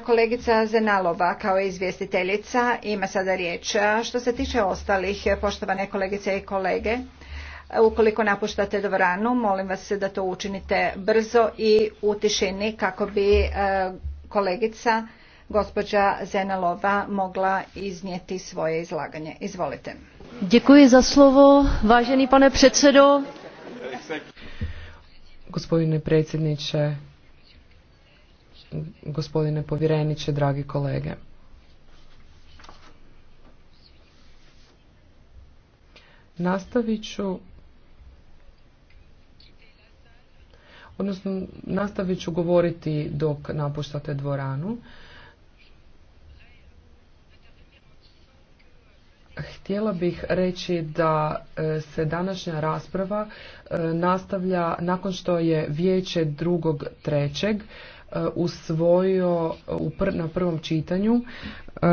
Kolegica Zenalova kao izvjestiteljica ima sada riječ. A što se tiče ostalih, poštovane kolegice i kolege, ukoliko napuštate dvoranu, molim vas da to učinite brzo i u tišini kako bi e, kolegica gospođa Zenalova mogla iznijeti svoje izlaganje. Izvolite. Děkuji za slovo, vážený pane predsedo. Gospodine predsjedniče, gospodine povjereniče, dragi kolege. Nastavit ću odnosno nastavit ću govoriti dok napuštate dvoranu. Htjela bih reći da e, se današnja rasprava e, nastavlja nakon što je vijeće drugog trećeg E, usvojio na prvom čitanju e,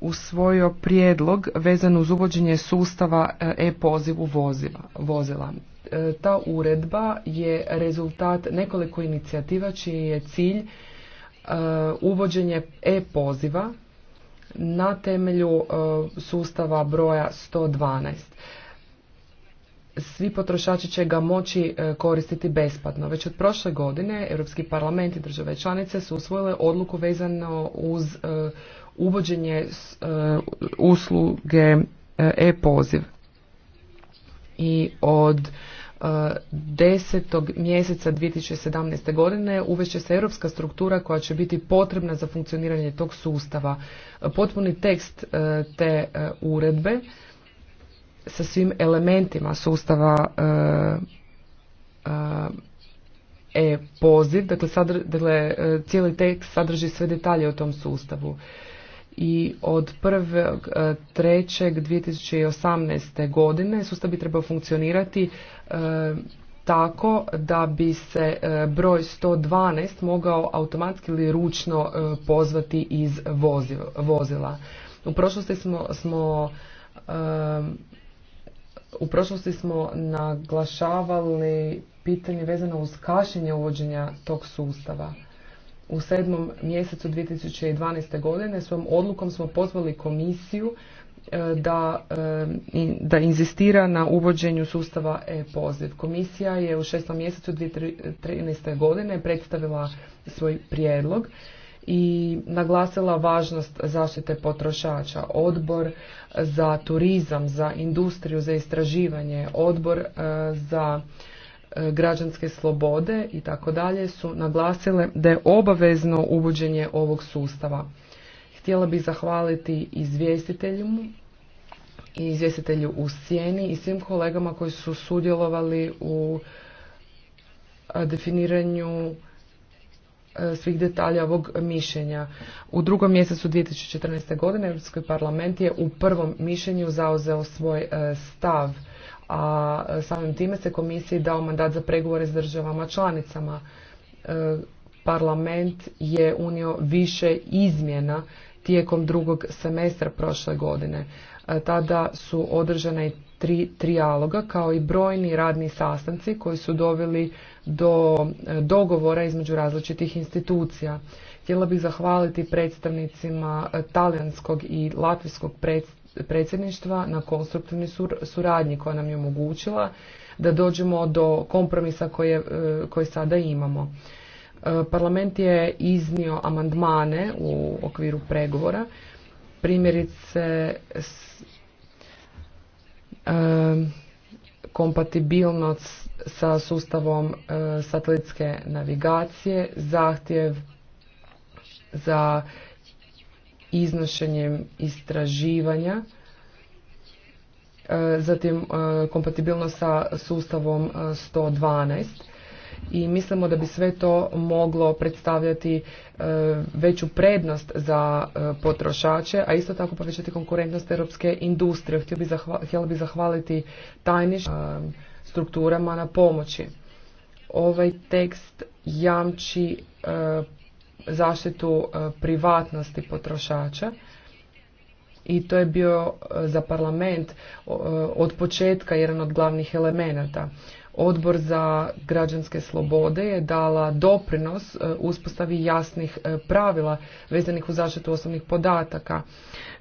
usvojio prijedlog vezan uz uvođenje sustava e, e-pozivu vozila. Ta uredba je rezultat nekoliko inicijativa čiji je cilj uvođenje e-poziva na temelju sustava broja 112 svi potrošači će ga moći e, koristiti besplatno. Već od prošle godine Europski parlament i države članice su usvojile odluku vezano uz e, uvođenje e, usluge e-poziv. I od 10. mjeseca 2017. godine uveće se europska struktura koja će biti potrebna za funkcioniranje tog sustava. Potpuni tekst te uredbe sa svim elementima sustava e, e, e-poziv, dakle, dakle e, cijeli tekst sadrži sve detalje o tom sustavu. I od 1.3.2018. godine sustav bi trebao funkcionirati tako da bi se e, broj 112 mogao automatski ili ručno pozvati iz vozila. U prošlosti smo, smo u prošlosti smo naglašavali pitanje vezano uz kašenje uvođenja tog sustava. U sedmom mjesecu 2012. godine svom odlukom smo pozvali komisiju e, da, e, da inzistira na uvođenju sustava e-poziv. Komisija je u šestom mjesecu 2013. godine predstavila svoj prijedlog i naglasila važnost zaštite potrošača. Odbor za turizam, za industriju, za istraživanje, odbor e, za e, građanske slobode i tako dalje su naglasile da je obavezno uvođenje ovog sustava. Htjela bih zahvaliti izvjestiteljima i izvjestitelju u sjeni i svim kolegama koji su sudjelovali u e, definiranju E, svih detalja ovog mišljenja. U drugom mjesecu 2014. godine Europski parlament je u prvom mišljenju zauzeo svoj e, stav, a e, samim time se komisiji dao mandat za pregovore s državama članicama. Parlament je unio više izmjena tijekom drugog semestra prošle godine. Tada su održane tri trijaloga kao i brojni radni sastanci koji su doveli do e, dogovora između različitih institucija. Htjela bih zahvaliti predstavnicima e, talijanskog i latvijskog predsjedništva na konstruktivnoj suradnji koja nam je omogućila da dođemo do kompromisa koje, e, sada imamo. Parlament je iznio amandmane u okviru pregovora, primjerice kompatibilnost sa sustavom satelitske navigacije, zahtjev za iznošenjem istraživanja, zatim kompatibilnost sa sustavom 112 i mislimo da bi sve to moglo predstavljati e, veću prednost za e, potrošače, a isto tako povećati konkurentnost europske industrije. htjela bi zahvaliti tajnim e, strukturama na pomoći. Ovaj tekst jamči zaštitu privatnosti potrošača i to je bio za parlament od početka jedan od glavnih elemenata. Odbor za građanske slobode je dala doprinos e, uspostavi jasnih e, pravila vezanih u zaštitu osobnih podataka.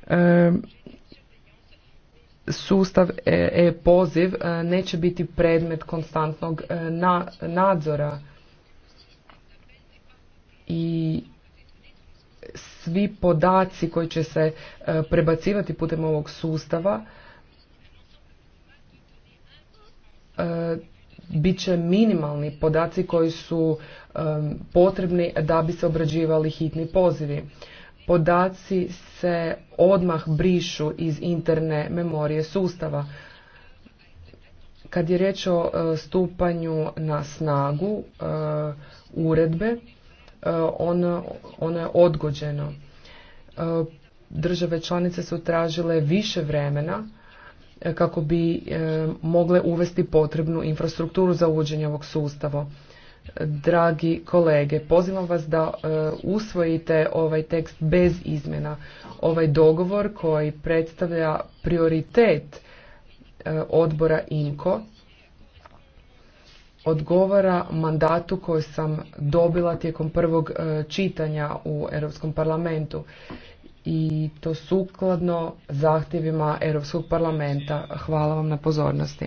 E, sustav e-poziv neće biti predmet konstantnog nadzora i svi podaci koji će se prebacivati putem ovog sustava bit će minimalni podaci koji su potrebni da bi se obrađivali hitni pozivi. Podaci se odmah brišu iz interne memorije sustava. Kad je riječ o e, stupanju na snagu e, uredbe, e, ono, ono je odgođeno. Države članice su tražile više vremena kako bi e, mogle uvesti potrebnu infrastrukturu za uvođenje ovog sustava. Dragi kolege, pozivam vas da e, usvojite ovaj tekst bez izmjena. Ovaj dogovor koji predstavlja prioritet e, odbora INKO odgovara mandatu koji sam dobila tijekom prvog čitanja u Europskom parlamentu i to sukladno zahtjevima Europskog parlamenta. Hvala vam na pozornosti.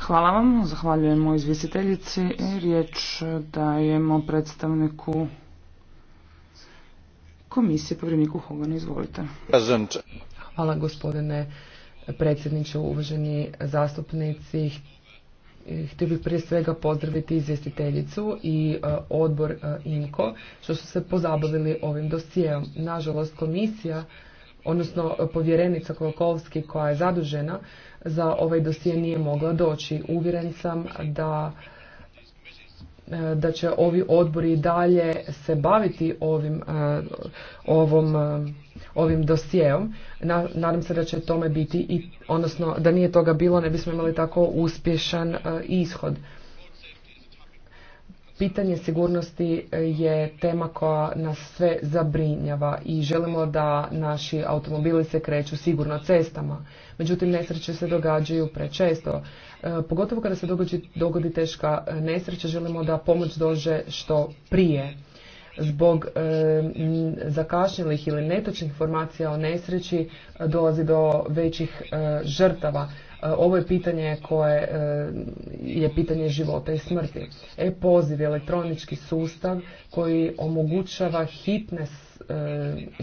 Hvala vam, zahvaljujemo izvisiteljici. i riječ dajemo predstavniku komisije, povrniku Hogana, izvolite. Hvala gospodine predsjedniče, uvaženi zastupnici. E, htio bih prije svega pozdraviti izvjestiteljicu i e, odbor e, INKO što su se pozabavili ovim dosijeom. Nažalost, komisija, odnosno povjerenica Kolkovski koja je zadužena za ovaj dosije nije mogla doći. Uvjeren sam da E, da će ovi odbori dalje se baviti ovim, e, ovom, e, ovim dosijeom. Nadam se da će tome biti i, odnosno da nije toga bilo, ne bismo imali tako uspješan ishod. Pitanje sigurnosti je tema koja nas sve zabrinjava i želimo da naši automobili se kreću sigurno cestama. Međutim, nesreće se događaju prečesto. E, pogotovo kada se dogodi, dogodi teška e, nesreća, želimo da pomoć dođe što prije. Zbog e, zakašnjelih ili netočnih informacija o nesreći dolazi do većih žrtava. Ovo je pitanje koje je pitanje života i smrti. E-poziv je elektronički sustav koji omogućava hitne,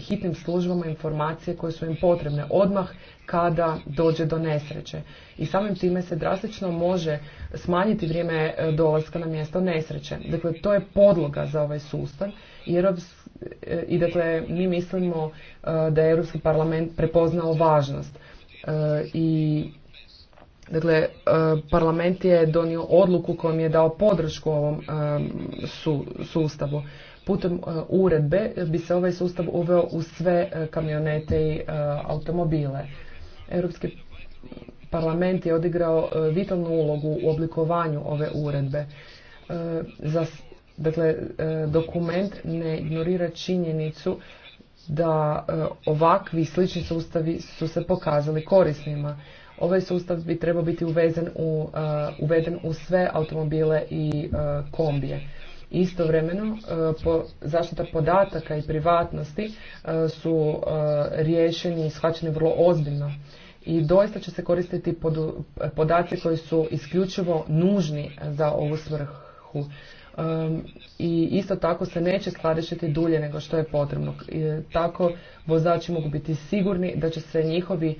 hitnim službama informacije koje su im potrebne odmah kada dođe do nesreće. I samim time se drastično može smanjiti vrijeme e, dolaska na mjesto nesreće. Dakle, to je podloga za ovaj sustav jer e, i dakle mi mislimo e, da je Europski parlament prepoznao važnost i Dakle, parlament je donio odluku kojom je dao podršku ovom sustavu. Putem uredbe bi se ovaj sustav uveo u sve kamionete i automobile. Europski parlament je odigrao e, vitalnu ulogu u oblikovanju ove uredbe. E, dakle, e, dokument ne ignorira činjenicu da ovakvi slični sustavi su se pokazali korisnima. Ovaj sustav bi trebao biti uvezen u, uveden u sve automobile i kombije. Istovremeno, e, zaštita podataka i privatnosti e, su e, riješeni i shvaćeni vrlo ozbiljno i doista će se koristiti podaci koji su isključivo nužni za ovu svrhu. i isto tako se neće skladištiti dulje nego što je potrebno. tako vozači mogu biti sigurni da će se njihovi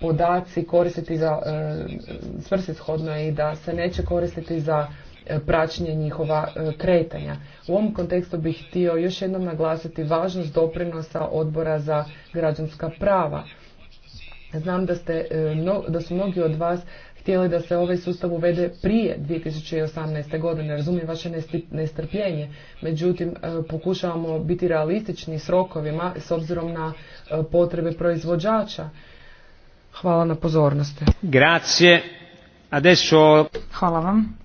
podaci koristiti za uh, svrsishodno i da se neće koristiti za E, praćenje njihova e, kretanja. U ovom kontekstu bih htio još jednom naglasiti važnost doprinosa odbora za građanska prava. Znam da, ste, e, da su mnogi od vas htjeli da se ovaj sustav uvede prije 2018. godine. Razumijem vaše nestrpljenje, međutim pokušavamo biti realistični s rokovima s obzirom na potrebe proizvođača. Hvala na pozornosti. Grazie. Adesso... Hvala vam.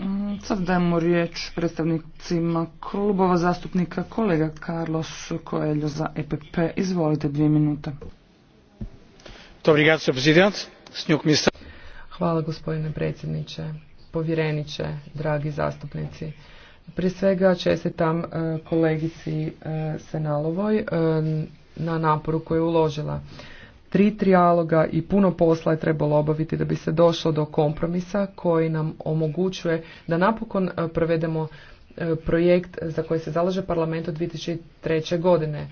Mm, sad dajemo riječ predstavnicima klubova zastupnika kolega Carlos Coelho za EPP. Izvolite dvije minute. Hvala gospodine predsjedniče, povjereniče, dragi zastupnici. Prije svega čestitam e, kolegici e, Senalovoj e, na naporu koju je uložila. Tri trijaloga i puno posla je trebalo obaviti da bi se došlo do kompromisa koji nam omogućuje da napokon e, provedemo e, projekt za koji se zalaže parlament od 2003. godine.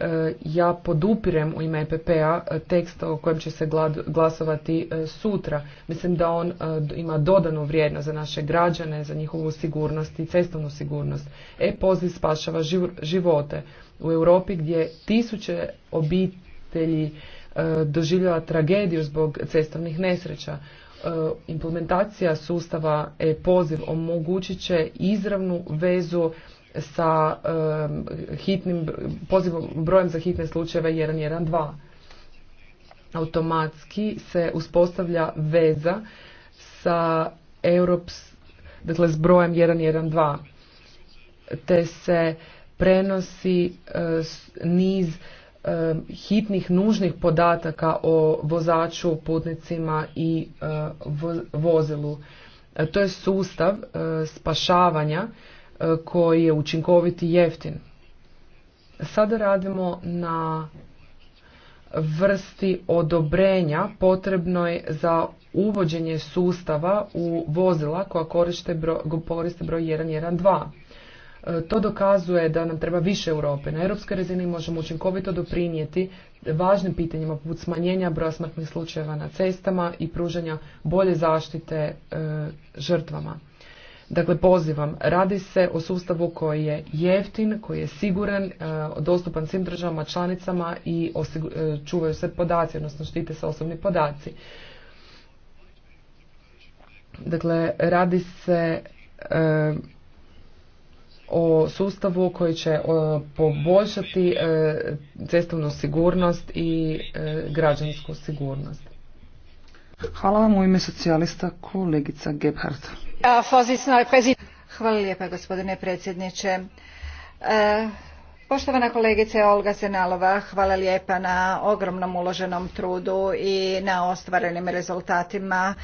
E, ja podupirem u ime EPP-a tekst o kojem će se glasovati sutra. Mislim da on ima dodanu vrijednost za naše građane, za njihovu sigurnost i cestovnu sigurnost. E-poziv spašava živote. U Europi gdje tisuće obitelji E, doživljava tragediju zbog cestovnih nesreća. E, implementacija sustava e-poziv omogućit će izravnu vezu sa e, hitnim pozivom, brojem za hitne slučajeve 112. Automatski se uspostavlja veza sa Europs, dakle s brojem 112 te se prenosi niz hitnih nužnih podataka o vozaču, putnicima i vozilu. E, to je sustav spašavanja koji je učinkovit i jeftin. Sada radimo na vrsti odobrenja potrebnoj za uvođenje sustava u vozila koja koriste broj, koriste broj 112. E, to dokazuje da nam treba više Europe. Na europskoj razini možemo učinkovito doprinijeti važnim pitanjima poput smanjenja broja smrtnih slučajeva na cestama i pružanja bolje zaštite e, žrtvama. Dakle, pozivam, radi se o sustavu koji je jeftin, koji je siguran, e, dostupan svim državama članicama i čuvaju se podaci, odnosno štite se osobni podaci. Dakle, radi se o sustavu koji će poboljšati e, cestovnu sigurnost i e, građansku sigurnost. Hvala vam u ime socijalista kolegica Gebhardt. Hvala lijepa gospodine predsjedniče. E, poštovana kolegice Olga Senalova, hvala lijepa na ogromnom uloženom trudu i na ostvarenim rezultatima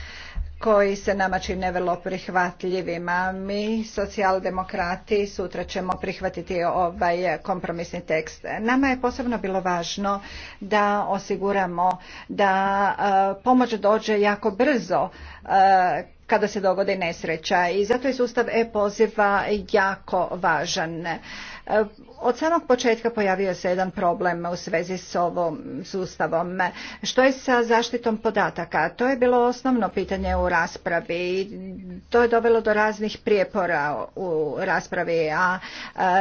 koji se nama čine vrlo prihvatljivima. Mi, socijaldemokrati, sutra ćemo prihvatiti ovaj kompromisni tekst. Nama je posebno bilo važno da osiguramo da e, pomoć dođe jako brzo e, kada se dogode nesreća i zato je sustav e-poziva jako važan. Od samog početka pojavio se jedan problem u svezi s ovom sustavom. Što je sa zaštitom podataka? To je bilo osnovno pitanje u raspravi to je dovelo do raznih prijepora u raspravi, a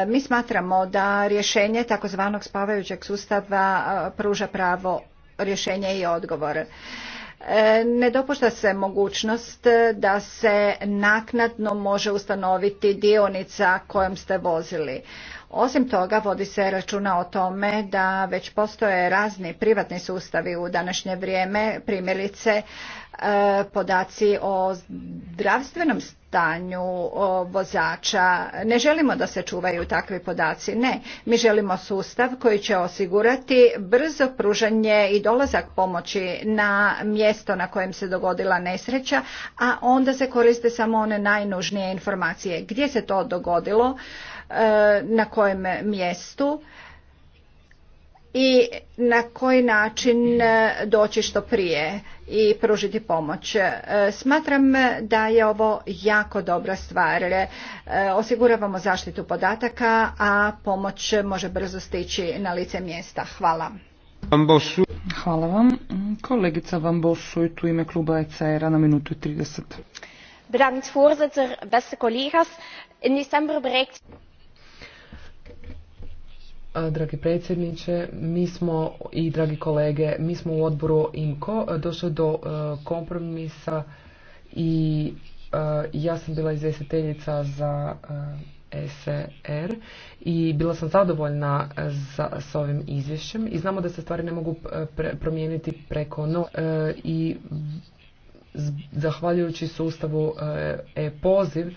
mi smatramo da rješenje takozvanog spavajućeg sustava pruža pravo rješenje i odgovor e, ne dopušta se mogućnost da se naknadno može ustanoviti dionica kojom ste vozili. Osim toga, vodi se računa o tome da već postoje razni privatni sustavi u današnje vrijeme, primjerice e, podaci o zdravstvenom stanju vozača. Ne želimo da se čuvaju takvi podaci, ne. Mi želimo sustav koji će osigurati brzo pružanje i dolazak pomoći na mjesto na kojem se dogodila nesreća, a onda se koriste samo one najnužnije informacije. Gdje se to dogodilo? E, na kojem mjestu i na koji način e, doći što prije i pružiti pomoć. E, smatram da je ovo jako dobra stvar. Osiguravamo zaštitu podataka, a pomoć može brzo stići na lice mjesta. Hvala. Hvala vam. Kolegica Van i tu ime kluba ecr na minutu i 30. Bedankt voorzitter, beste collega's. In E, dragi predsjedniče, mi smo i dragi kolege, mi smo u odboru IMCO e, došli do e, kompromisa i ja sam bila izvjestiteljica za SR i bila sam zadovoljna za, s ovim izvješćem i znamo da se stvari ne mogu promijeniti preko no i zahvaljujući sustavu e-poziv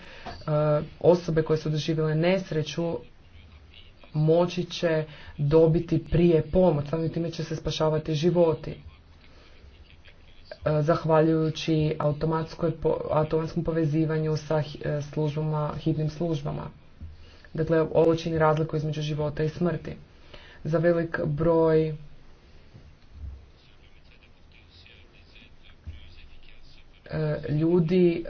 osobe koje su doživjele nesreću moći će dobiti prije pomoć, samim time će se spašavati životi. E, zahvaljujući automatskom povezivanju sa e, službama, hitnim službama. Dakle, ovo čini razliku između života i smrti. Za velik broj e, ljudi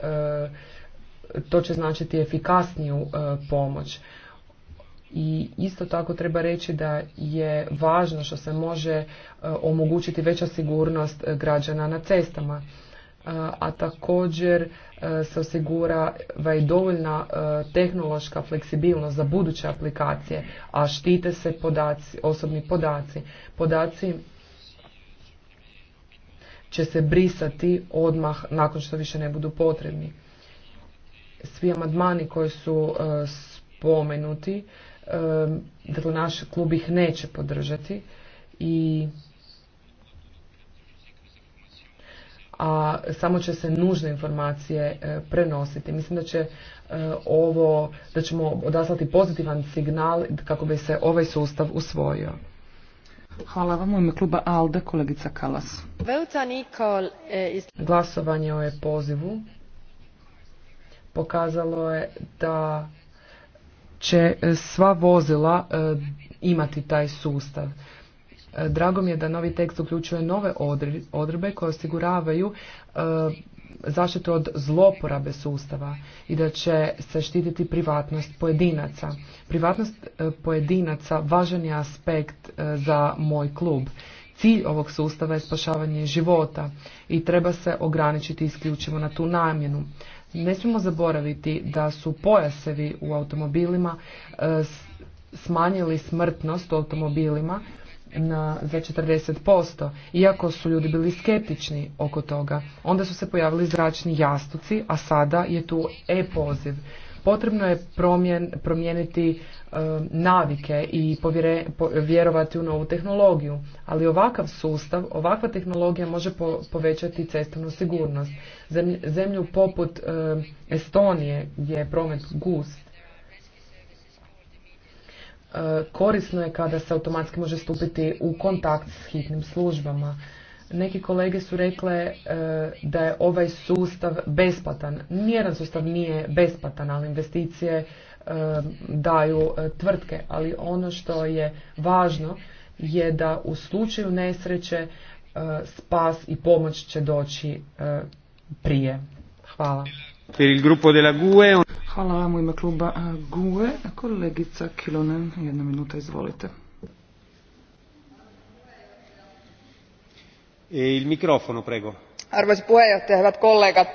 to će značiti efikasniju pomoć i isto tako treba reći da je važno što se može e, omogućiti veća sigurnost e, građana na cestama e, a također se osigura i dovoljna tehnološka fleksibilnost za buduće aplikacije, a štite se podaci, osobni podaci. Podaci će se brisati odmah nakon što više ne budu potrebni. Svi amadmani koji su spomenuti dakle naš klub ih neće podržati i a samo će se nužne informacije e, prenositi. Mislim da će e, ovo, da ćemo odaslati pozitivan signal kako bi se ovaj sustav usvojio. Hvala vam u ime kluba ALDE, kolegica Kalas. Nikol, e, Glasovanje o je pozivu pokazalo je da će e, sva vozila e, imati taj sustav. E, drago mi je da novi tekst uključuje nove odredbe koje osiguravaju zaštitu od zloporabe sustava i da će se štititi privatnost pojedinaca. Privatnost pojedinaca važan je aspekt za moj klub. Cilj ovog sustava je spašavanje života i treba se ograničiti isključivo na tu namjenu. Ne smijemo zaboraviti da su pojasevi u automobilima e, smanjili smrtnost u automobilima na, za 40%. Iako su ljudi bili skeptični oko toga, onda su se pojavili zračni jastuci, a sada je tu e-poziv. Potrebno je promjen, promijeniti um, navike i vjerovati u novu tehnologiju, ali ovakav sustav, ovakva tehnologija može povećati cestovnu sigurnost. zemlju poput um, Estonije gdje je promet gust, uh, korisno je kada se automatski može stupiti u kontakt s hitnim službama neki kolege su rekle e, da je ovaj sustav besplatan. Nijedan sustav nije besplatan, ali investicije e, daju e, tvrtke. Ali ono što je važno je da u slučaju nesreće spas i pomoć će doći prije. Hvala. Hvala vam u ime kluba GUE. Kolegica Kilonen, jedna minuta, izvolite. E arvoisa puhemies hyvät kollegat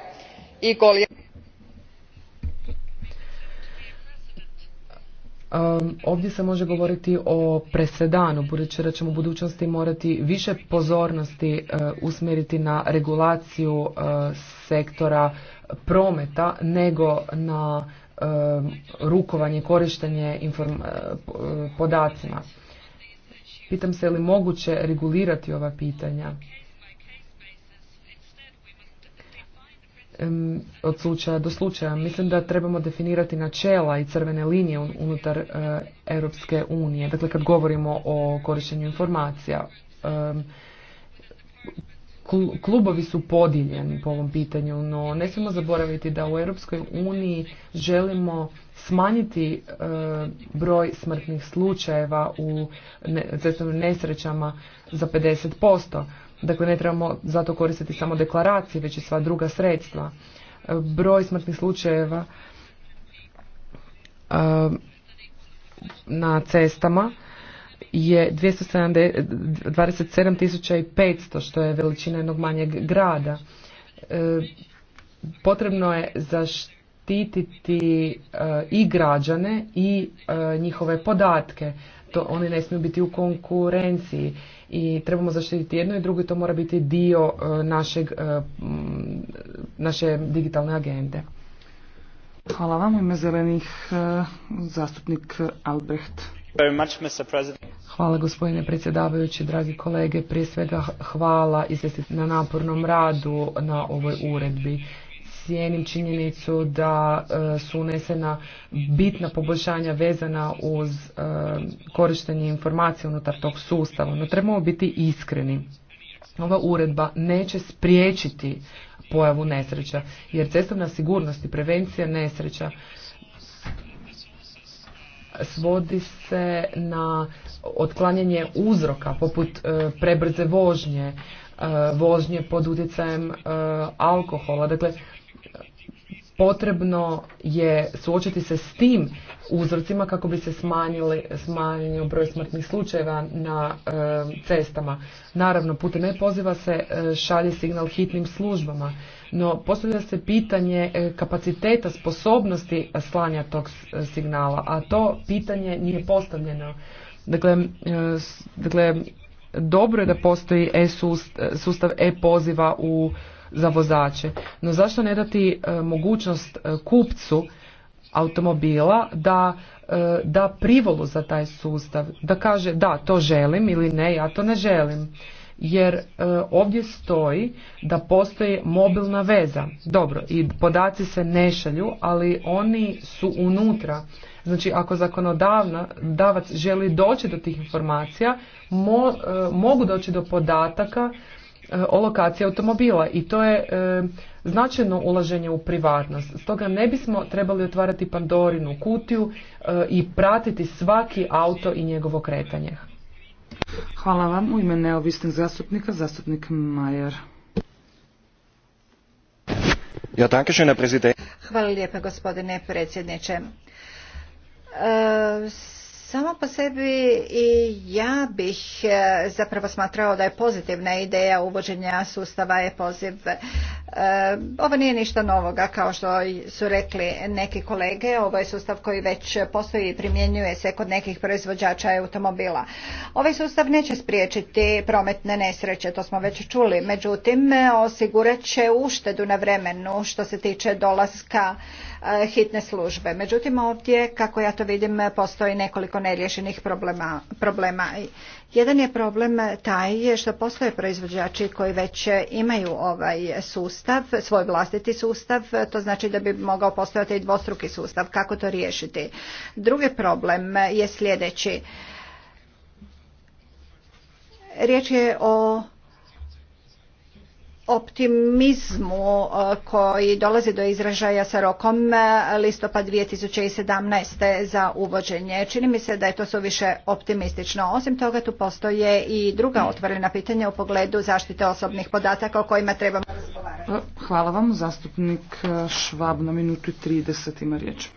Ovdje se može govoriti o presedanu, budući da ćemo u budućnosti morati više pozornosti e, usmjeriti na regulaciju e, sektora prometa nego na rukovanje, korištenje podacima. Pitam se je li moguće regulirati ova pitanja. od slučaja do slučaja. Mislim da trebamo definirati načela i crvene linije unutar e, Europske unije. Dakle, kad govorimo o korištenju informacija, klubovi su podijeljeni po ovom pitanju, no ne smijemo zaboraviti da u Europskoj uniji želimo smanjiti e, broj smrtnih slučajeva u nesrećama za 50%. Dakle, ne trebamo zato koristiti samo deklaracije, već i sva druga sredstva. E, broj smrtnih slučajeva e, na cestama je 27.500, što je veličina jednog manjeg grada. E, potrebno je zaštititi i građane i njihove podatke to oni ne smiju biti u konkurenciji i trebamo zaštititi jedno i drugo to mora biti dio e, našeg, e, naše digitalne agende. Hvala vam, ime zelenih e, zastupnik Albrecht. Hvala gospodine predsjedavajući, dragi kolege. Prije svega hvala na napornom radu na ovoj uredbi cijenim činjenicu da e, su unesena bitna poboljšanja vezana uz e, korištenje informacija unutar tog sustava, no trebamo biti iskreni. Ova uredba neće spriječiti pojavu nesreća, jer cestovna sigurnost i prevencija nesreća svodi se na otklanjanje uzroka poput e, prebrze vožnje, vožnje pod utjecajem alkohola. Dakle, potrebno je suočiti se s tim uzrocima kako bi se smanjili, smanjio broj smrtnih slučajeva na cestama. Naravno, putem ne poziva se e, šalje signal hitnim službama, no postavlja se pitanje e, kapaciteta, sposobnosti slanja tog e, signala, a to pitanje nije postavljeno. Dakle, dakle dobro je da postoji e sustav e-poziva u za vozače. No zašto ne dati e, mogućnost e, kupcu automobila da e, da privolu za taj sustav, da kaže da to želim ili ne, ja to ne želim. Jer ovdje stoji da postoji mobilna veza. Dobro, i podaci se ne šalju, ali oni su unutra. Znači, ako zakonodavac želi doći do tih informacija, mogu doći do podataka E, o lokaciji automobila i to je e, značajno ulaženje u privatnost. Stoga ne bismo trebali otvarati Pandorinu kutiju e, i pratiti svaki auto i njegovo kretanje. Hvala vam. U ime neovisnih zastupnika, zastupnik Majer. Hvala lijepa gospodine predsjedniče. Samo po sebi i ja bih e, zapravo smatrao da je pozitivna ideja uvođenja sustava je poziv e, Ovo nije ništa novoga, kao što su rekli neki kolege. Ovo je sustav koji već postoji i primjenjuje se kod nekih proizvođača automobila. Ovaj sustav neće spriječiti prometne nesreće, to smo već čuli. Međutim, osigurat će uštedu na vremenu što se tiče dolaska e, hitne službe. Međutim, ovdje, kako ja to vidim, postoji nekoliko nekoliko neriješenih problema, problema. Jedan je problem taj što postoje proizvođači koji već imaju ovaj sustav, svoj vlastiti sustav, to znači da bi mogao postojati i dvostruki sustav. Kako to riješiti? Drugi problem je sljedeći. Riječ je o optimizmu e, koji dolazi do izražaja sa rokom e, listopad 2017. za uvođenje. Čini mi se da je to suviše optimistično. Osim toga tu postoje i druga otvorena pitanja u pogledu zaštite osobnih podataka o kojima trebamo razgovarati. Hvala vam. Zastupnik Švab na minutu 30 ima riječ.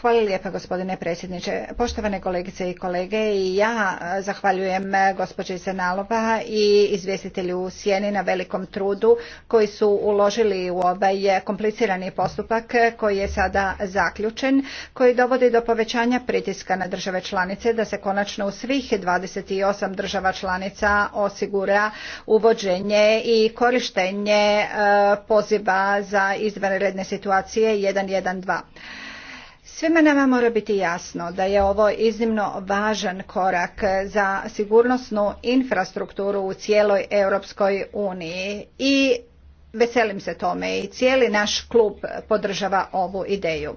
Hvala lijepa gospodine predsjedniče. Poštovane kolegice i kolege, ja e, zahvaljujem e, gospođi Zenalova i izvjestitelju u Sjeni na velikom trudu koji su uložili u ovaj e, komplicirani postupak koji je sada zaključen, koji dovodi do povećanja pritiska na države članice da se konačno u svih 28 država članica osigura uvođenje i korištenje poziva za izvanredne situacije 112. Svima nama mora biti jasno da je ovo iznimno važan korak za sigurnosnu infrastrukturu u cijeloj Europskoj uniji i veselim se tome i cijeli naš klub podržava ovu ideju.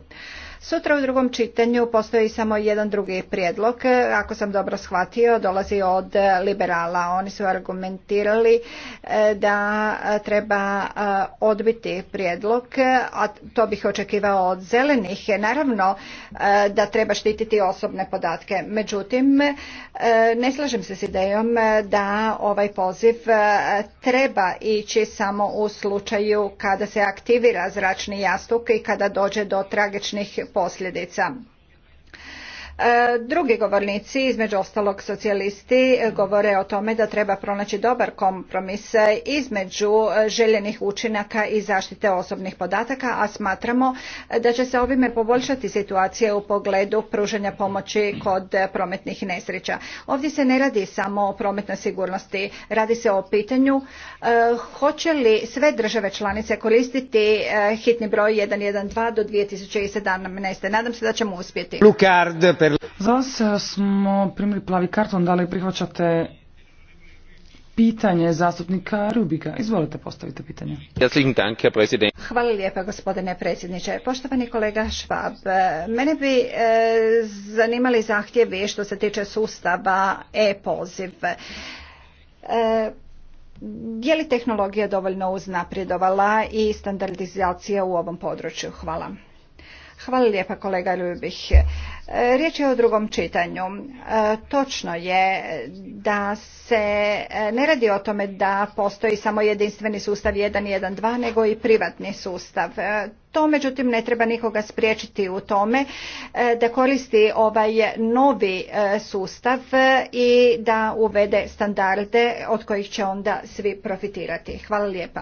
Sutra u drugom čitanju postoji samo jedan drugi prijedlog. E, ako sam dobro shvatio, dolazi od liberala. Oni su argumentirali e, da e, treba odbiti prijedlog, a to bih očekivao od zelenih. Naravno da treba štititi osobne podatke. Međutim, ne slažem se s idejom da ovaj poziv treba ići samo u slučaju kada se aktivira zračni jastuk i kada dođe do tragičnih posljedica. E, drugi govornici, između ostalog socijalisti, e, govore o tome da treba pronaći dobar kompromis između e, željenih učinaka i zaštite osobnih podataka, a smatramo da će se ovime poboljšati situacija u pogledu pružanja pomoći kod prometnih nesreća. Ovdje se ne radi samo o prometnoj sigurnosti, radi se o pitanju hoće li sve države članice koristiti hitni broj 112 do 2017. Nadam se da ćemo uspjeti. Za vas eh, smo primili plavi karton, da li prihvaćate pitanje zastupnika Rubika. Izvolite, postavite pitanje. Hvala lijepa, gospodine predsjedniče. Poštovani kolega Švab, mene bi eh, zanimali zahtjevi što se tiče sustava e-poziv. Eh, je li tehnologija dovoljno uznapredovala i standardizacija u ovom području? Hvala. Hvala lijepa kolega Ljubih. E, riječ je o drugom čitanju. E, točno je da se e, ne radi o tome da postoji samo jedinstveni sustav 1.1.2 nego i privatni sustav. To međutim ne treba nikoga spriječiti u tome da koristi ovaj novi sustav i da uvede standarde od kojih će onda svi profitirati. Hvala lijepa.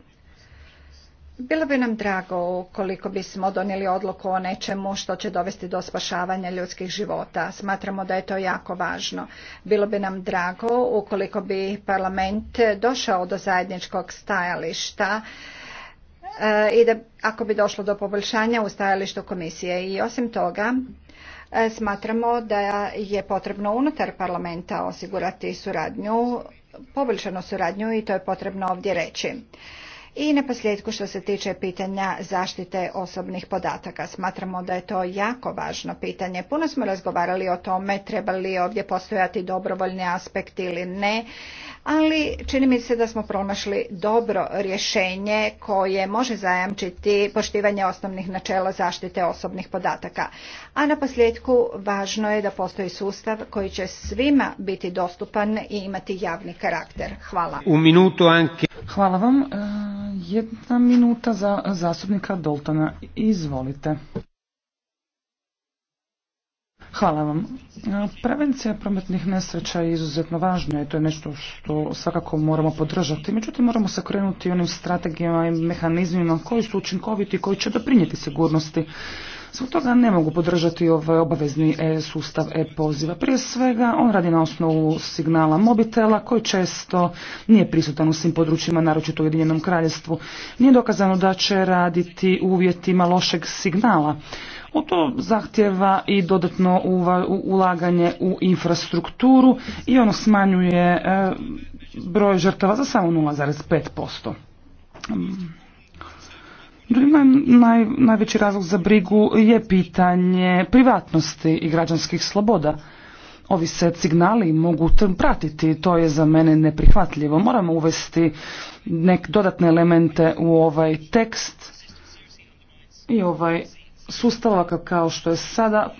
Bilo bi nam drago ukoliko bismo donijeli odluku o nečemu što će dovesti do spašavanja ljudskih života. Smatramo da je to jako važno. Bilo bi nam drago ukoliko bi parlament došao do zajedničkog stajališta eh, i da ako bi došlo do poboljšanja u stajalištu komisije. I osim toga, eh, smatramo da je potrebno unutar parlamenta osigurati suradnju, poboljšanu suradnju i to je potrebno ovdje reći. I na posljedku što se tiče pitanja zaštite osobnih podataka. Smatramo da je to jako važno pitanje. Puno smo razgovarali o tome treba li ovdje postojati dobrovoljni aspekt ili ne ali čini mi se da smo pronašli dobro rješenje koje može zajamčiti poštivanje osnovnih načela zaštite osobnih podataka. A na posljedku važno je da postoji sustav koji će svima biti dostupan i imati javni karakter. Hvala. U minutu anke. Hvala vam. E, jedna minuta za zastupnika Doltana. Izvolite. Hvala vam. Prevencija prometnih nesreća je izuzetno važna i to je nešto što svakako moramo podržati. Međutim, moramo se krenuti onim strategijama i mehanizmima koji su učinkoviti i koji će doprinijeti sigurnosti. Zbog toga ne mogu podržati ovaj obavezni e sustav e-poziva. Prije svega, on radi na osnovu signala mobitela koji često nije prisutan u svim područjima, naročito u Ujedinjenom kraljestvu. Nije dokazano da će raditi u uvjetima lošeg signala. U to zahtjeva i dodatno ulaganje u infrastrukturu i ono smanjuje e, broj žrtava za samo 0,5%. naj, najveći razlog za brigu je pitanje privatnosti i građanskih sloboda. Ovi se signali mogu pratiti, to je za mene neprihvatljivo. Moramo uvesti nek dodatne elemente u ovaj tekst i ovaj sustava kao što je sada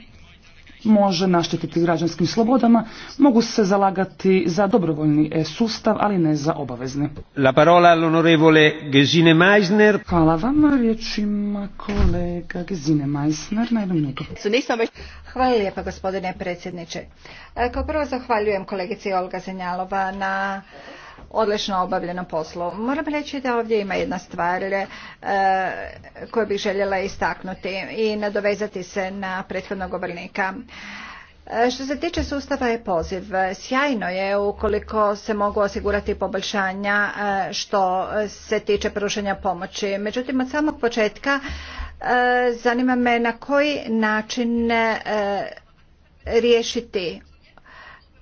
može naštetiti građanskim slobodama, mogu se zalagati za dobrovoljni sustav, ali ne za obavezni. La parola all'onorevole Gesine Meisner. Hvala vam, riječ ima kolega Gesine Meisner na jednu minutu. Hvala lijepa gospodine predsjedniče. E, kao prvo zahvaljujem kolegici Olga Zenjalova na odlično obavljenom poslu. Moram reći da ovdje ima jedna stvar e, koju bih željela istaknuti i nadovezati se na prethodnog govornika. E, što se tiče sustava je poziv. Sjajno je ukoliko se mogu osigurati poboljšanja e, što se tiče pružanja pomoći. Međutim, od samog početka zanima me na koji način riješiti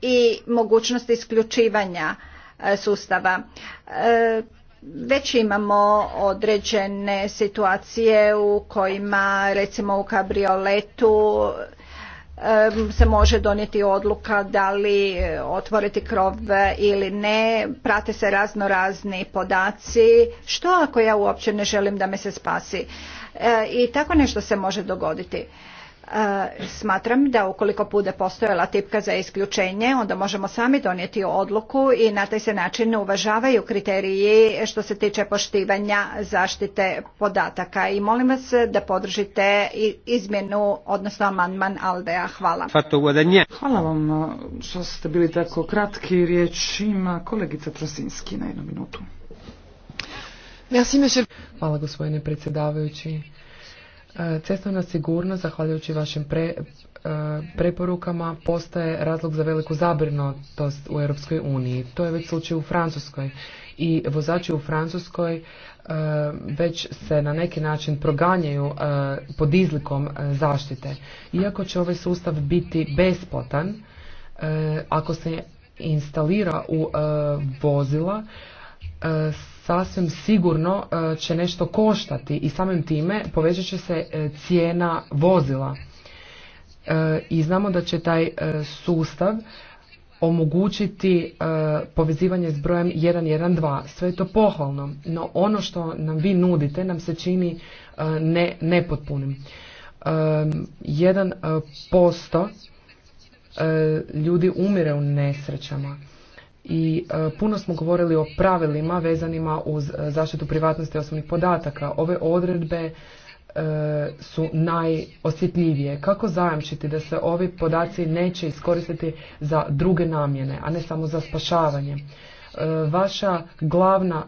i mogućnost isključivanja E, sustava. E, već imamo određene situacije u kojima recimo u kabrioletu e, se može donijeti odluka da li otvoriti krov ili ne, prate se razno razni podaci, što ako ja uopće ne želim da me se spasi i tako nešto se može dogoditi. E, smatram da ukoliko bude postojala tipka za isključenje, onda možemo sami donijeti odluku i na taj se način uvažavaju kriteriji što se tiče poštivanja zaštite podataka. I molim vas da podržite izmjenu, odnosno amandman Aldea. Hvala. Hvala vam e, što ste bili tako kratki. Riječ ima kolegica Trosinski na jednu minutu. Hvala gospodine predsjedavajući. E, cestovna sigurnost, zahvaljujući vašim e, preporukama, postaje razlog za veliku zabrinutost u Europskoj uniji. To je već slučaj u Francuskoj i vozači u Francuskoj e, već se na neki način proganjaju pod izlikom zaštite. Iako će ovaj sustav biti besplatan, ako se instalira u vozila, sasvim sigurno e, će nešto koštati i samim time povećat će se e, cijena vozila. E, I znamo da će taj sustav omogućiti povezivanje s brojem 112. Sve je to pohvalno, no ono što nam vi nudite nam se čini ne, nepotpunim. 1% ljudi umire u nesrećama i e, puno smo govorili o pravilima vezanima uz e, zaštitu privatnosti osobnih podataka. Ove odredbe e, su najosjetljivije. Kako zajamčiti da se ovi podaci neće iskoristiti za druge namjene, a ne samo za spašavanje? Vaša glavna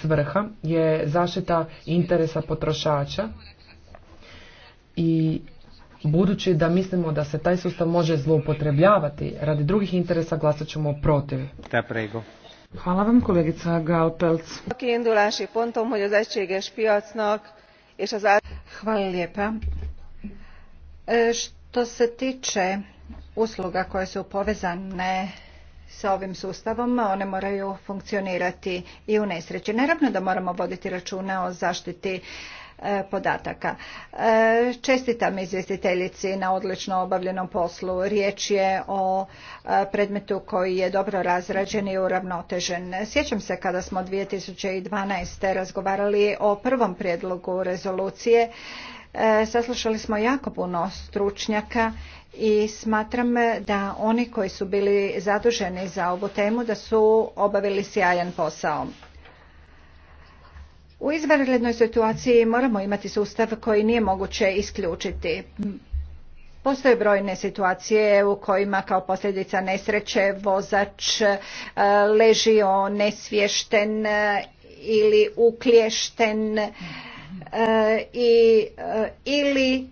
svrha je zaštita interesa potrošača i Budući da mislimo da se taj sustav može zloupotrebljavati, radi drugih interesa glasat ćemo protiv. Da prego. Hvala vam kolegica Galpelc. Hvala lijepa. E, što se tiče usluga koje su povezane sa ovim sustavom, one moraju funkcionirati i u nesreći. Naravno da moramo voditi računa o zaštiti E, podataka. E, čestitam izvjestiteljici na odlično obavljenom poslu. Riječ je o e, predmetu koji je dobro razrađen i uravnotežen. Sjećam se kada smo 2012. razgovarali o prvom prijedlogu rezolucije. Saslušali smo jako puno stručnjaka i smatram da oni koji su bili zaduženi za ovu temu da su obavili sjajan posao. U izvanrednoj situaciji moramo imati sustav koji nije moguće isključiti. Postoje brojne situacije u kojima kao posljedica nesreće vozač e, leži onesvješten e, ili uklješten e, i, ili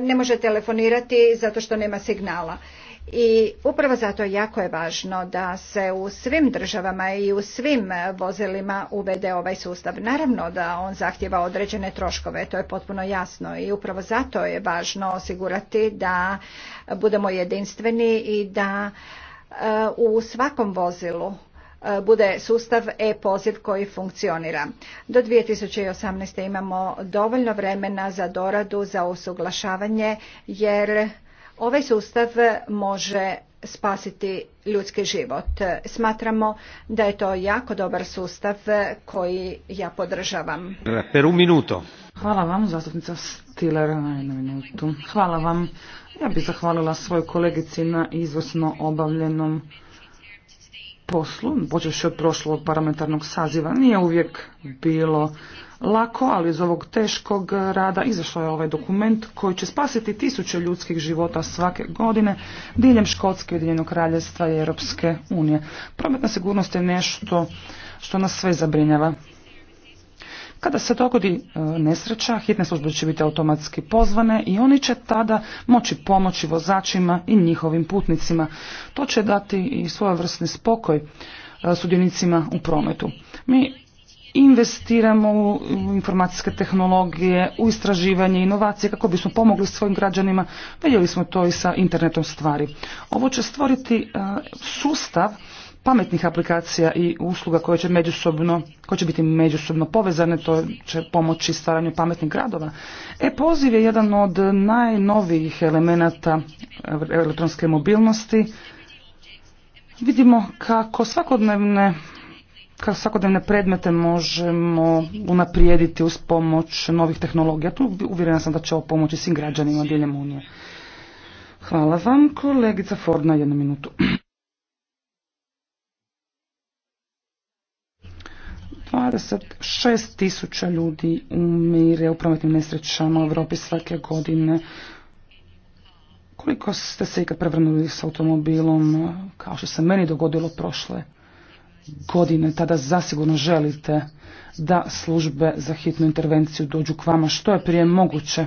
ne može telefonirati zato što nema signala i upravo zato jako je važno da se u svim državama i u svim vozilima uvede ovaj sustav. Naravno da on zahtjeva određene troškove, to je potpuno jasno i upravo zato je važno osigurati da budemo jedinstveni i da e, u svakom vozilu e, bude sustav e-poziv koji funkcionira. Do 2018. imamo dovoljno vremena za doradu, za usuglašavanje jer Ovaj sustav može spasiti ljudski život. Smatramo da je to jako dobar sustav koji ja podržavam. Per un minuto. Hvala vam, zastupnica Stiller, na jednu minutu. Hvala vam. Ja bih zahvalila svojoj kolegici na izvrsno obavljenom poslu, počeš od prošlog parlamentarnog saziva. Nije uvijek bilo lako, ali iz ovog teškog eh, rada izašao je ovaj dokument koji će spasiti tisuće ljudskih života svake godine diljem Škotske, Ujedinjenog Kraljevstva i Europske unije. Prometna sigurnost je nešto što nas sve zabrinjava. Kada se dogodi eh, nesreća, hitne službe će biti automatski pozvane i oni će tada moći pomoći vozačima i njihovim putnicima. To će dati i svojevrsni spokoj eh, sudionicima u prometu. Mi investiramo u informacijske tehnologije, u istraživanje, inovacije kako bismo pomogli svojim građanima. Vidjeli smo to i sa internetom stvari. Ovo će stvoriti e, sustav pametnih aplikacija i usluga koje će međusobno, koje će biti međusobno povezane, to će pomoći stvaranju pametnih gradova. E-poziv je jedan od najnovijih elemenata elektronske mobilnosti. Vidimo kako svakodnevne svakodnevne predmete možemo unaprijediti uz pomoć novih tehnologija. Tu uvjerena sam da će ovo pomoći svim građanima diljem Unije. Hvala vam, kolegica Ford na jednu minutu. šest tisuća ljudi umire u prometnim nesrećama u Europi svake godine. Koliko ste se ikad prevrnuli s automobilom, kao što se meni dogodilo prošle godine tada zasigurno želite da službe za hitnu intervenciju dođu k vama što je prije moguće.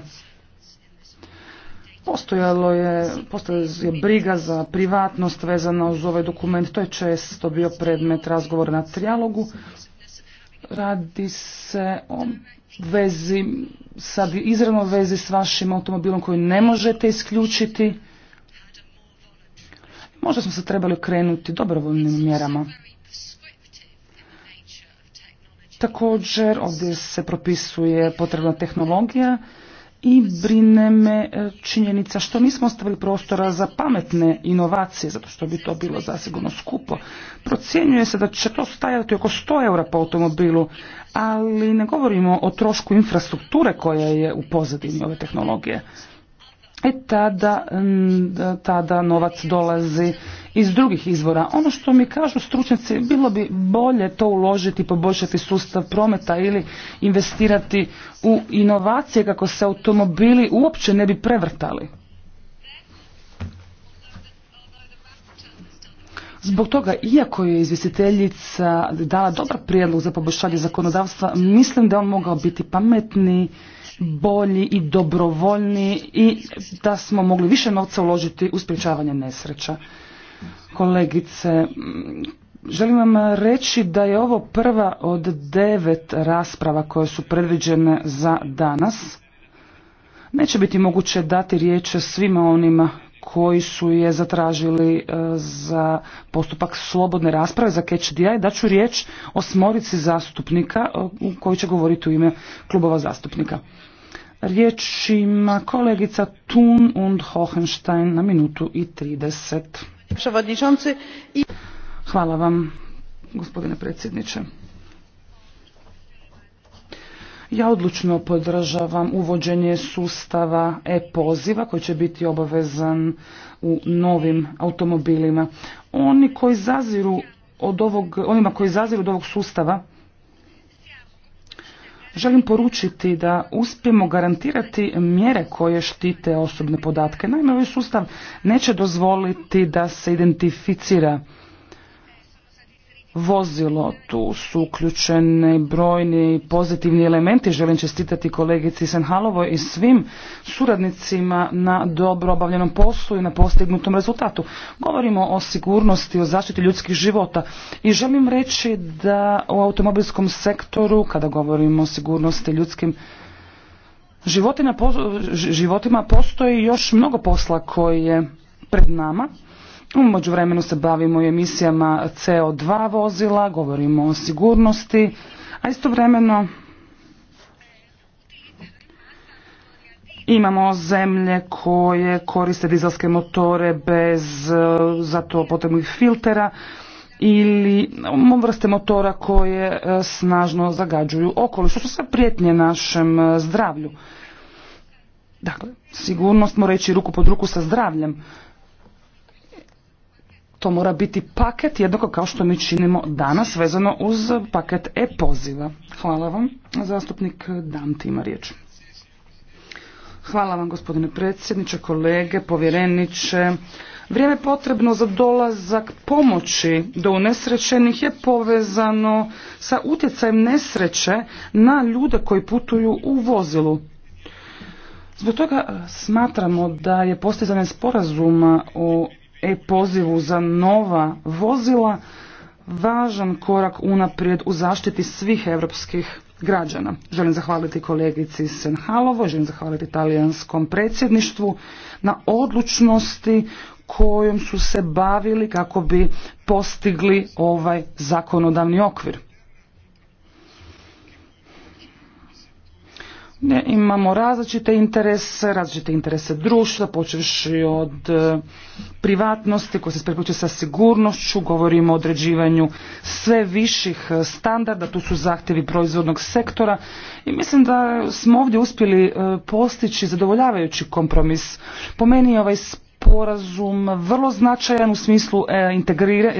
Postojalo je, postojala je briga za privatnost vezana uz ovaj dokument, to je često bio predmet razgovora na trijalogu. Radi se o vezi, sad izravno vezi s vašim automobilom koji ne možete isključiti. Možda smo se trebali krenuti dobrovoljnim mjerama. Također ovdje se propisuje potrebna tehnologija i brine me e, činjenica što nismo ostavili prostora za pametne inovacije, zato što bi to bilo zasigurno skupo. Procjenjuje se da će to stajati oko 100 eura po automobilu, ali ne govorimo o trošku infrastrukture koja je u pozadini ove tehnologije. E tada, tada novac dolazi iz drugih izvora. Ono što mi kažu stručnjaci, bilo bi bolje to uložiti, poboljšati sustav prometa ili investirati u inovacije kako se automobili uopće ne bi prevrtali. Zbog toga, iako je izvjestiteljica dala dobar prijedlog za poboljšanje zakonodavstva, mislim da on mogao biti pametniji bolji i dobrovoljni i da smo mogli više novca uložiti u sprječavanje nesreća. Kolegice, mm, želim vam reći da je ovo prva od devet rasprava koje su predviđene za danas. Neće biti moguće dati riječ svima onima koji su je zatražili e, za postupak slobodne rasprave za Catch Eye, Daću riječ o smorici zastupnika e, koji će govoriti u ime klubova zastupnika. Riječ ima kolegica Thun und Hohenstein na minutu i 30. Hvala vam, gospodine predsjedniče. Ja odlučno podržavam uvođenje sustava e-poziva koji će biti obavezan u novim automobilima. Oni koji zaziru od ovog, onima koji zaziru od ovog sustava želim poručiti da uspijemo garantirati mjere koje štite osobne podatke. Naime, ovaj sustav neće dozvoliti da se identificira vozilo. Tu su uključeni brojni pozitivni elementi. Želim čestitati kolegici Senhalovoj i svim suradnicima na dobro obavljenom poslu i na postignutom rezultatu. Govorimo o sigurnosti, o zaštiti ljudskih života i želim reći da u automobilskom sektoru, kada govorimo o sigurnosti ljudskim životima, životima postoji još mnogo posla koji je pred nama u vremenu se bavimo i emisijama CO2 vozila, govorimo o sigurnosti, a istovremeno Imamo zemlje koje koriste dizelske motore bez eh, za to potrebnih filtera ili vrste motora koje eh, snažno zagađuju okoliš, što su sve prijetnje našem eh, zdravlju. Dakle, sigurnost mora ići ruku pod ruku sa zdravljem. To mora biti paket, jednako kao što mi činimo danas, vezano uz paket e-poziva. Hvala vam. Zastupnik Damti ima riječ. Hvala vam gospodine predsjedniče, kolege, povjereniče. Vrijeme potrebno za dolazak pomoći do unesrećenih je povezano sa utjecajem nesreće na ljude koji putuju u vozilu. Zbog toga smatramo da je postizanje sporazuma o e-pozivu za nova vozila važan korak unaprijed u zaštiti svih europskih građana. Želim zahvaliti kolegici Senhalovo, želim zahvaliti talijanskom predsjedništvu na odlučnosti kojom su se bavili kako bi postigli ovaj zakonodavni okvir. Ne, imamo različite interese, različite interese društva, počevši od e, privatnosti koja se preključuje sa sigurnošću, govorimo o određivanju sve viših e, standarda, tu su zahtjevi proizvodnog sektora i mislim da smo ovdje uspjeli e, postići zadovoljavajući kompromis. Po meni je ovaj sporazum vrlo značajan u smislu e,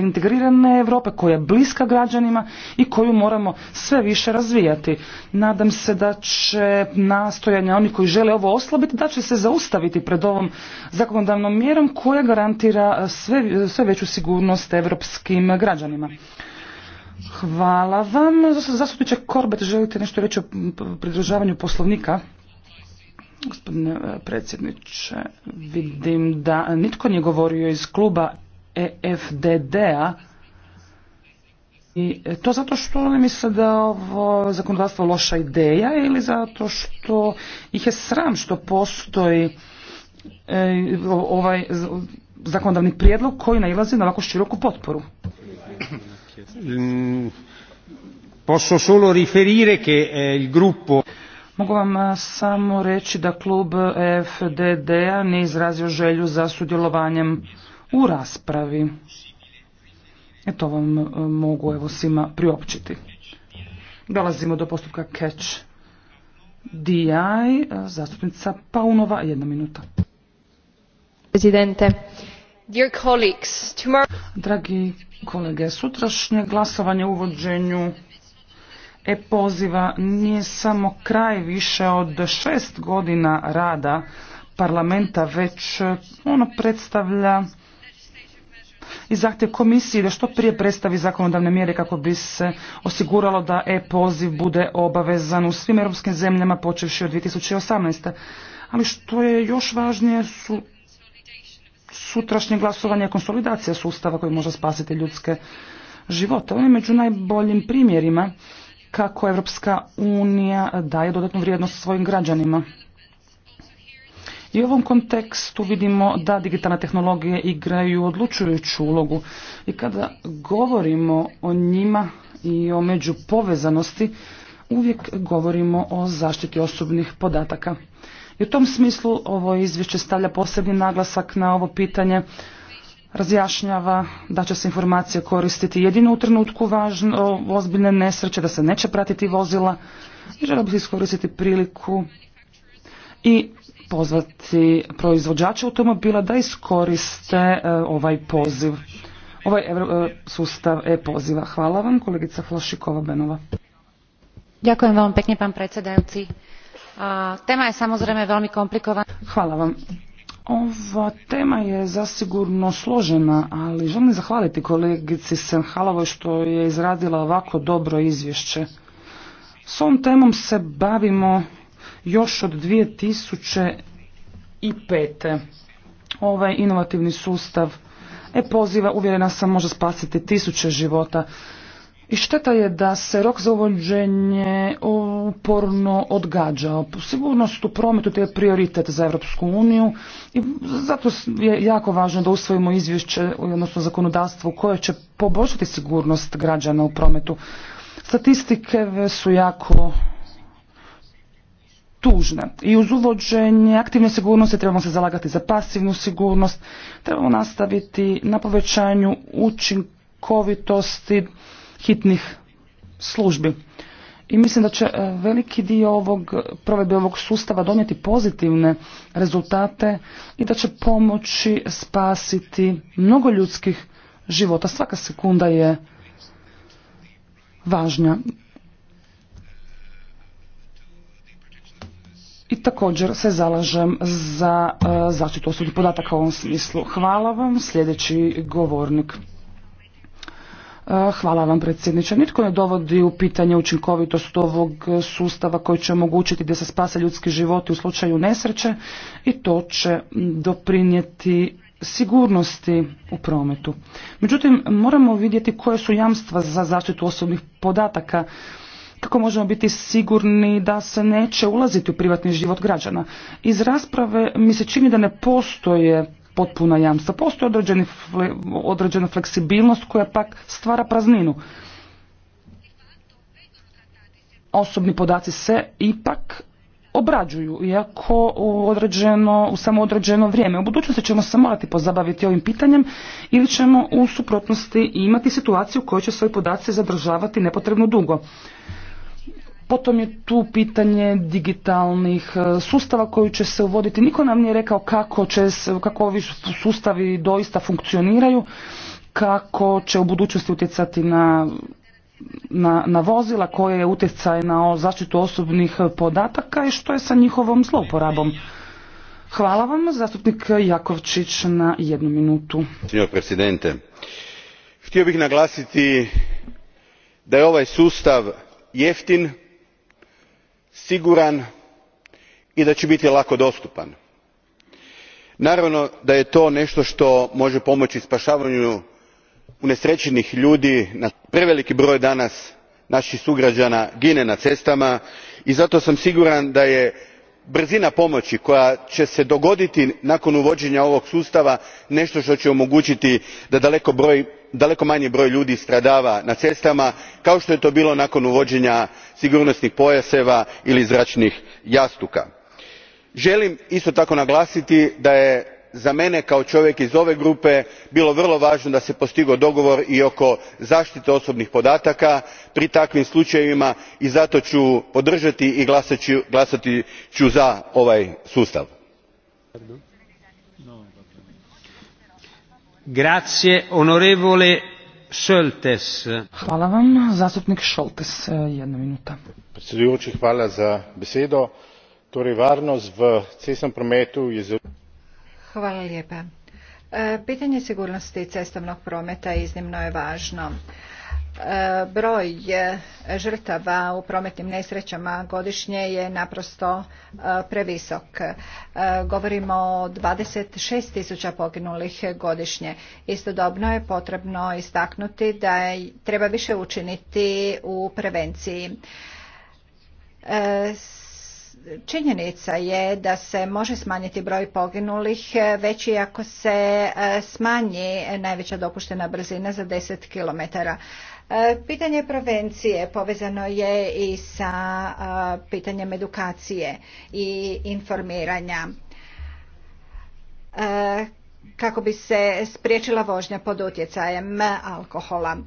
integrirane Europe koja je bliska građanima i koju moramo sve više razvijati. Nadam se da će nastojanja oni koji žele ovo oslabiti da će se zaustaviti pred ovom zakonodavnom mjerom koja garantira e, sve, veću sigurnost europskim građanima. Hvala vam. Zastupniče Korbet, želite nešto reći o pridržavanju poslovnika? Gospodine e, predsjedniče, vidim da nitko nije govorio iz kluba EFDD-a i to zato što oni misle da je ovo zakonodavstvo loša ideja ili zato što ih je sram što postoji e, ovaj zakonodavni prijedlog koji nailazi na ovako široku potporu. Posso solo riferire che eh, il gruppo Mogu vam samo reći da klub FDD-a ne izrazio želju za sudjelovanjem u raspravi. E to vam mogu evo svima priopćiti. Dolazimo do postupka catch DI. Zastupnica Paunova, jedna minuta. Presidente, dear colleagues, tomorrow... Dragi kolege, sutrašnje glasovanje u uvođenju e-poziva nije samo kraj više od šest godina rada parlamenta, već e, ono predstavlja i zahtjev komisiji da što prije predstavi zakonodavne mjere kako bi se osiguralo da e-poziv bude obavezan u svim europskim zemljama počevši od 2018. Ali što je još važnije su sutrašnje glasovanje konsolidacija sustava koji može spasiti ljudske živote. On je među najboljim primjerima kako Evropska unija daje dodatnu vrijednost svojim građanima. I u ovom kontekstu vidimo da digitalne tehnologije igraju odlučujuću ulogu. I kada govorimo o njima i o međupovezanosti, uvijek govorimo o zaštiti osobnih podataka. I u tom smislu ovo izvješće stavlja posebni naglasak na ovo pitanje razjašnjava da će se informacije koristiti jedino u trenutku važno, ozbiljne nesreće, da se neće pratiti vozila i želio bih iskoristiti priliku i pozvati proizvođače automobila da iskoriste e, ovaj poziv, ovaj e, sustav e-poziva. Hvala vam, kolegica Flašikova-Benova. Ďakujem veľmi pekne, pán predsedajúci. Téma je samozrejme veľmi komplikovaná. Hvala vam. Ova tema je zasigurno složena, ali želim zahvaliti kolegici Senhalovoj što je izradila ovako dobro izvješće. S ovom temom se bavimo još od 2005. Ovaj inovativni sustav e-poziva, uvjerena sam, može spasiti tisuće života. I šteta je da se rok za uvođenje uporno odgađa. Sigurnost u prometu to je prioritet za Europsku uniju i zato je jako važno da usvojimo izvješće, odnosno zakonodavstvo koje će poboljšati sigurnost građana u prometu. Statistike su jako tužne. I uz uvođenje aktivne sigurnosti trebamo se zalagati za pasivnu sigurnost, trebamo nastaviti na povećanju učinkovitosti hitnih službi. I mislim da će e, veliki dio ovog provedbe ovog sustava donijeti pozitivne rezultate i da će pomoći spasiti mnogo ljudskih života. Svaka sekunda je važnja. I također se zalažem za e, zaštitu osobnih podataka u ovom smislu. Hvala vam. Sljedeći govornik. E, hvala vam predsjedniče. Nitko ne dovodi u pitanje učinkovitost ovog sustava koji će omogućiti da se spase ljudski životi u slučaju nesreće i to će doprinijeti sigurnosti u prometu. Međutim, moramo vidjeti koje su jamstva za zaštitu osobnih podataka kako možemo biti sigurni da se neće ulaziti u privatni život građana. Iz rasprave mi se čini da ne postoje potpuna jamstva. Postoji određeni, određena fleksibilnost koja pak stvara prazninu. Osobni podaci se ipak obrađuju, iako u, određeno, u samo određeno vrijeme. U budućnosti ćemo se morati pozabaviti ovim pitanjem ili ćemo u suprotnosti imati situaciju u kojoj će svoje podaci zadržavati nepotrebno dugo. Potom je tu pitanje digitalnih e, sustava koji će se uvoditi. Niko nam nije rekao kako, će, kako ovi sustavi doista funkcioniraju, kako će u budućnosti utjecati na, na, vozila, koje je utjecaj na zaštitu osobnih podataka i što je sa njihovom zlouporabom. Hvala vam, zastupnik Jakovčić, na jednu minutu. Presidente, htio bih naglasiti da je ovaj sustav jeftin, siguran i da će biti lako dostupan. naravno da je to nešto što može pomoći spašavanju unesrećenih ljudi. preveliki broj danas naših sugrađana gine na cestama i zato sam siguran da je brzina pomoći koja će se dogoditi nakon uvođenja ovog sustava nešto što će omogućiti da daleko broj daleko manji broj ljudi stradava na cestama kao što je to bilo nakon uvođenja sigurnosnih pojaseva ili zračnih jastuka. želim isto tako naglasiti da je za mene kao čovjek iz ove grupe bilo vrlo važno da se postigao dogovor i oko zaštite osobnih podataka pri takvim slučajevima i zato ću podržati i glasati ću za ovaj sustav. Grazie, onorevole Šoltes. Hvala vam. Zastupnik Šoltes, e, jedna minuta. hvala za besedo. Torej, varnost v cestnem prometu je zelo... Hvala lijepa. E, pitanje sigurnosti cestovnog prometa iznimno je važno broj e, žrtava u prometnim nesrećama godišnje je naprosto e, previsok. E, govorimo o 26 tisuća poginulih godišnje. Istodobno je potrebno istaknuti da treba više učiniti u prevenciji. Činjenica je da se može smanjiti broj poginulih već i ako se smanji najveća dopuštena brzina za 10 kilometara. E, pitanje prevencije povezano je i sa e, pitanjem edukacije i informiranja e, kako bi se spriječila vožnja pod utjecajem alkohola.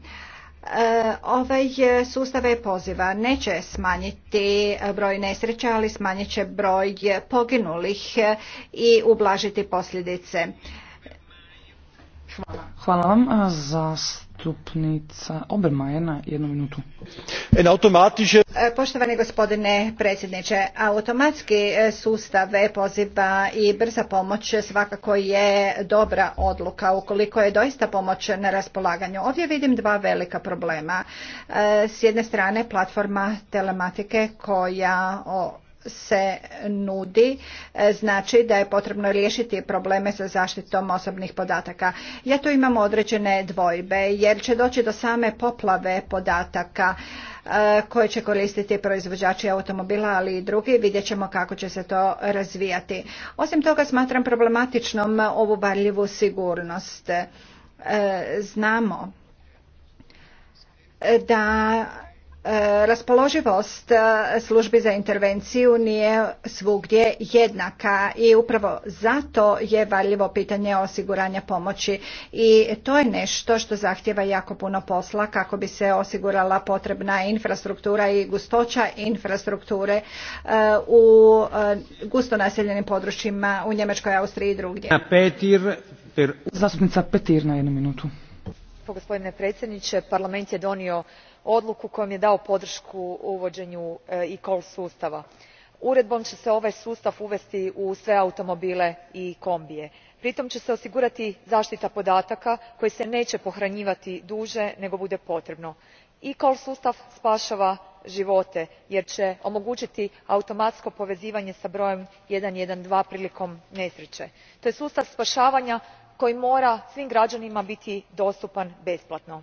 Ovaj sustav je poziva neće smanjiti broj nesreća, ali smanjit će broj poginulih i ublažiti posljedice. Hvala. Hvala vam za E, poštovani gospodine predsjedniče, automatski e, sustav poziva i brza pomoć svakako je dobra odluka ukoliko je doista pomoć na raspolaganju. Ovdje vidim dva velika problema. E, s jedne strane platforma telematike koja se nudi e, znači da je potrebno riješiti probleme sa zaštitom osobnih podataka. Ja tu imam određene dvojbe jer će doći do same poplave podataka e, koje će koristiti proizvođači automobila, ali i drugi. Vidjet ćemo kako će se to razvijati. Osim toga smatram problematičnom ovu varljivu sigurnost. E, znamo da E, raspoloživost e, službi za intervenciju nije svugdje jednaka i upravo zato je valjivo pitanje osiguranja pomoći i to je nešto što zahtjeva jako puno posla kako bi se osigurala potrebna infrastruktura i gustoća infrastrukture e, u gusto naseljenim područjima u Njemačkoj, Austriji i drugdje. Petir na jednu minutu. Gospodine predsjedniče, parlament je donio odluku kojom je dao podršku uvođenju e, ecall sustava. uredbom će se ovaj sustav uvesti u sve automobile i kombije. pritom će se osigurati zaštita podataka koji se neće pohranjivati duže nego bude potrebno. ecall sustav spašava živote jer će omogućiti automatsko povezivanje s brojem one hundred prilikom nesreće. to je sustav spašavanja koji mora svim građanima biti dostupan besplatno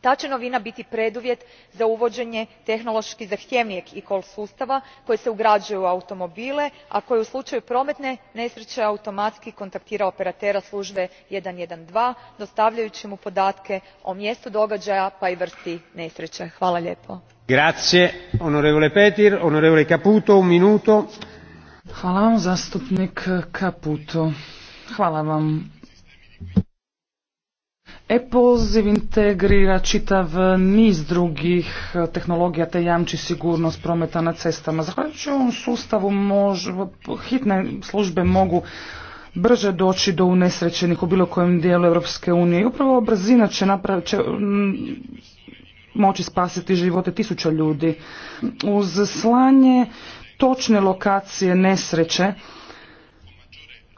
ta će novina biti preduvjet za uvođenje tehnološki zahtjevnijeg ecall sustava koji se ugrađuje u automobile a koji u slučaju prometne nesreće automatski kontaktira operatera službe one hundred and dostavljajući mu podatke o mjestu događaja pa i vrsti nesreće. hvala E-poziv integrira čitav niz drugih e, tehnologija te jamči sigurnost prometa na cestama. Zahvaljujući ovom sustavu mož, hitne službe mogu brže doći do unesrećenih u bilo kojem dijelu Europske unije. I upravo brzina će, napravi, će moći spasiti živote tisuća ljudi. Uz slanje točne lokacije nesreće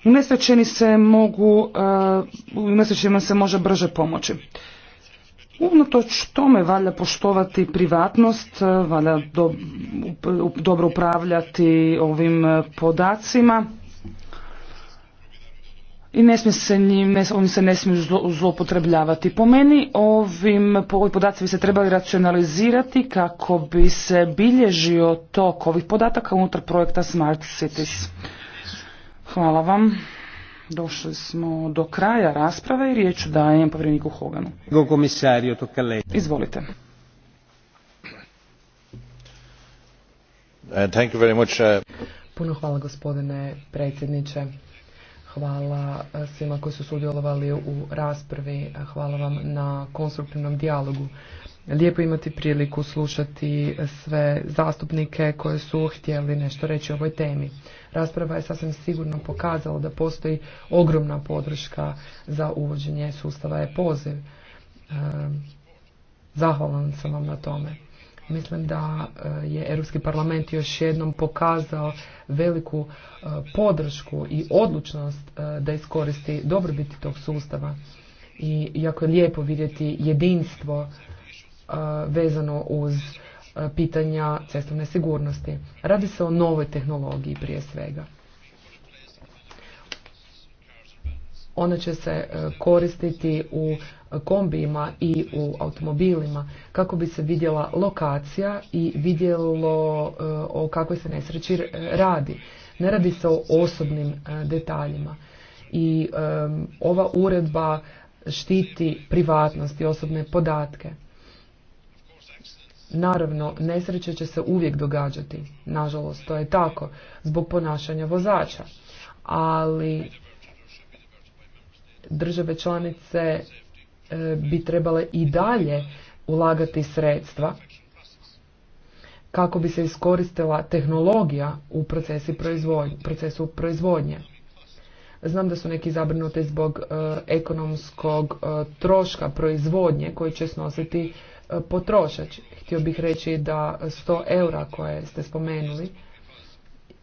u se mogu, e, se može brže pomoći. Unatoč tome valja poštovati privatnost, e, valja dobro upravljati ovim e, podacima i ne smije se oni se ne smiju zloupotrebljavati. Po meni ovim, podacima podaci bi se trebali racionalizirati kako bi se bilježio tok ovih podataka unutar projekta Smart Cities. Hvala vam. Došli smo do kraja rasprave i riječ dajem povjereniku Hoganu. Izvolite. Uh, thank you very much. Uh, Puno hvala gospodine predsjedniče. Hvala uh, svima koji su sudjelovali u raspravi. Hvala vam na konstruktivnom dijalogu. Lijepo imati priliku slušati sve zastupnike koji su htjeli nešto reći o ovoj temi. Rasprava je sasvim sigurno pokazala da postoji ogromna podrška za uvođenje sustava e-poziv. E, zahvalan sam vam na tome. Mislim da e, je Europski parlament još jednom pokazao veliku e, podršku i odlučnost da iskoristi dobrobiti tog sustava. I jako je lijepo vidjeti jedinstvo vezano uz E, pitanja cestovne sigurnosti. Radi se o novoj tehnologiji prije svega. Ona će se e, koristiti u kombijima i u automobilima kako bi se vidjela lokacija i vidjelo e, o kakvoj se nesreći radi. Ne radi se o osobnim detaljima. I ova uredba štiti privatnost i osobne podatke. Naravno, nesreće će se uvijek događati. Nažalost, to je tako. Zbog ponašanja vozača. Ali države članice e, bi trebale i dalje ulagati sredstva kako bi se iskoristila tehnologija u procesi procesu proizvodnje. Znam da su neki zabrinuti zbog e, ekonomskog e, troška proizvodnje koji će snositi potrošač. Htio bih reći da 100 eura koje ste spomenuli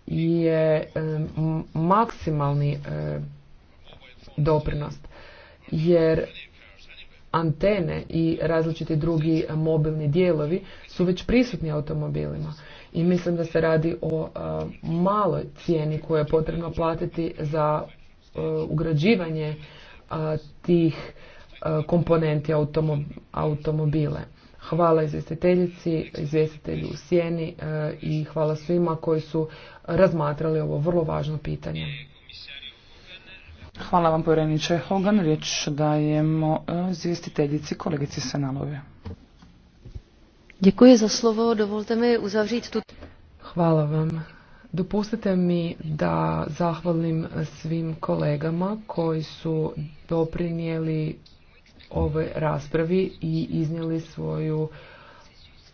je maksimalni doprinost jer antene i različiti drugi mobilni dijelovi su već prisutni automobilima i mislim da se radi o maloj cijeni koju je potrebno platiti za ugrađivanje tih komponenti automobile Hvala izvjestiteljici, izvjestitelju u Sjeni e, i hvala svima koji su razmatrali ovo vrlo važno pitanje. Hvala vam povjereniče Hogan. Riječ dajemo e, izvjestiteljici kolegici Senalove. Děkuji za slovo, dovolte mi uzavřít tu... Hvala vam. Dopustite mi da zahvalim svim kolegama koji su doprinijeli ovoj raspravi i iznijeli svoju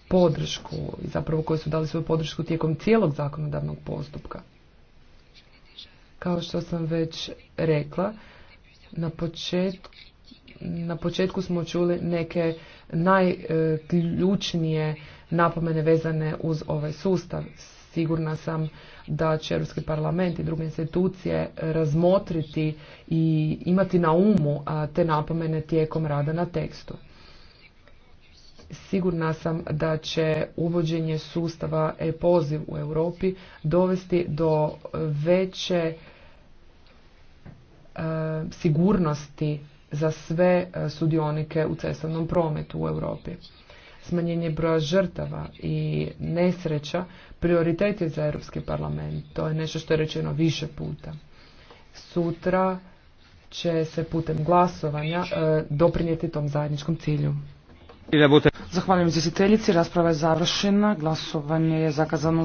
podršku, zapravo koji su dali svoju podršku tijekom cijelog zakonodavnog postupka. Kao što sam već rekla, na početku na početku smo čuli neke najključnije napomene vezane uz ovaj sustav. Sigurna sam da će Europski parlament i druge institucije razmotriti i imati na umu te napomene tijekom rada na tekstu. Sigurna sam da će uvođenje sustava e-poziv u Europi dovesti do veće e, sigurnosti za sve e, sudionike u cestovnom prometu u Europi smanjenje broja žrtava i nesreća prioritet je za Europski parlament. To je nešto što je rečeno više puta. Sutra će se putem glasovanja e, doprinijeti tom zajedničkom cilju. Zahvaljujem izvjestiteljici. Rasprava je završena. Glasovanje je zakazano